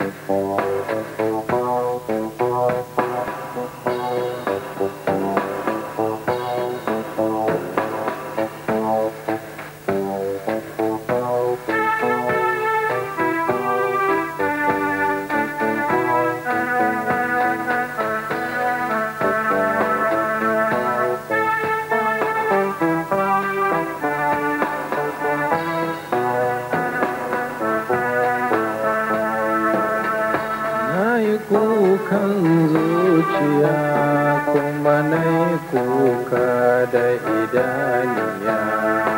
Thank you. ada hidayah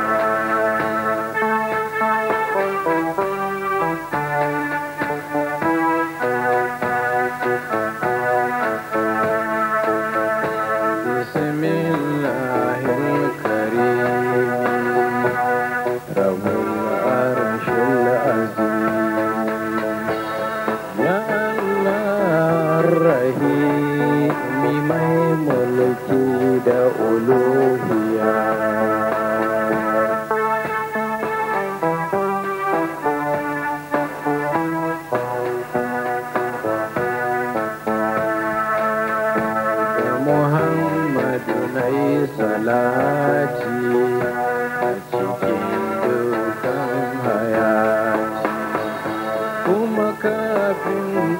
kafin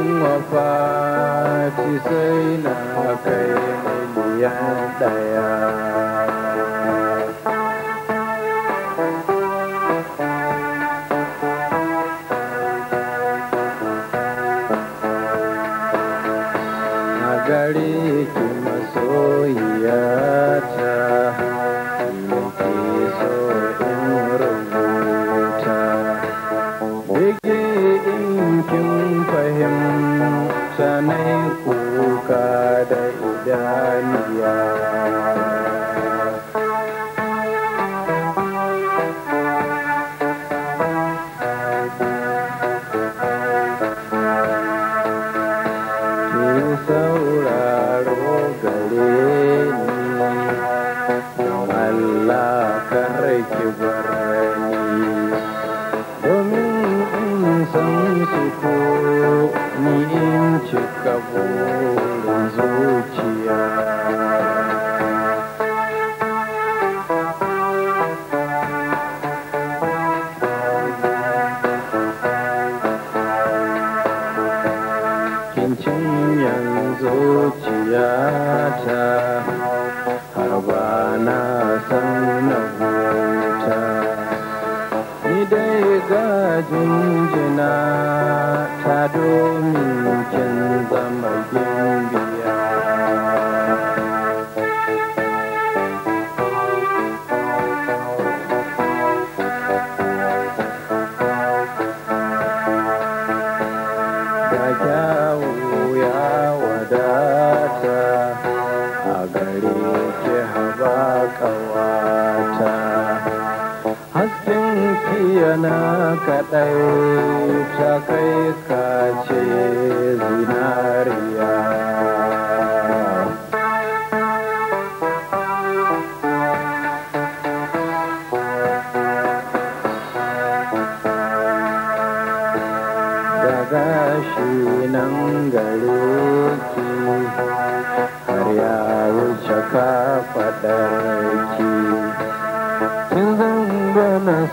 in wafaci sai na kai miliyan ɗaya gare ki masoyiya ta ki so burin zuciya kincin yanzu zuciyata har ba na san na huta ni dai jinjina ta domin hasken yana kaɗai ta kai kace zinariya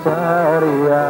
सारिया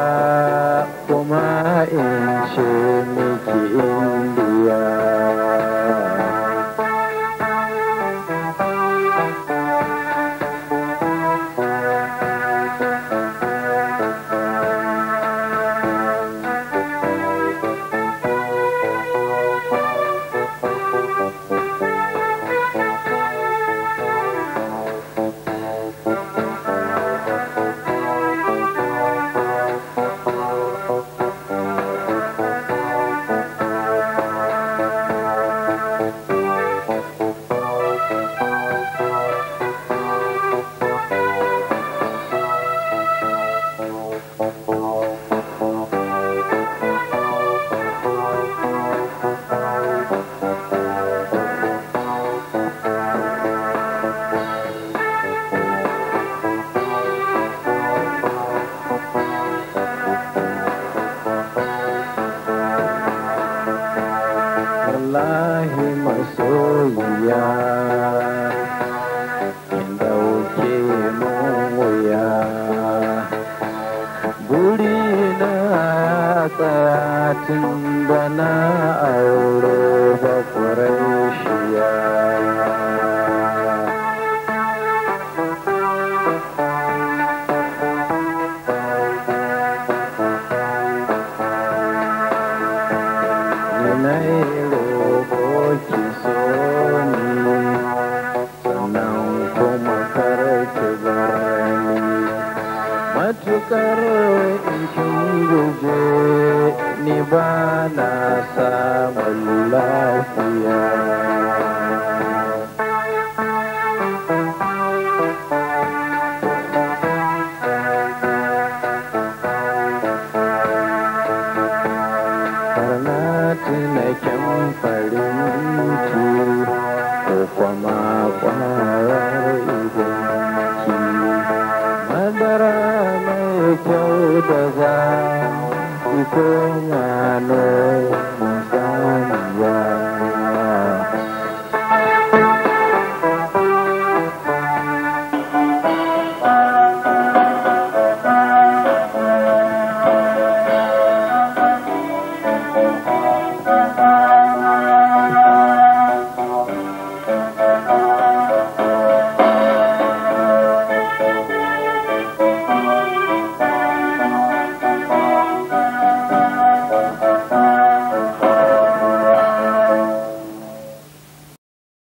tsaya tun bana aure da kurai سام العافية Kim farin ciki ko kuma kwarar idanki madara mai kyau da za ki koma noya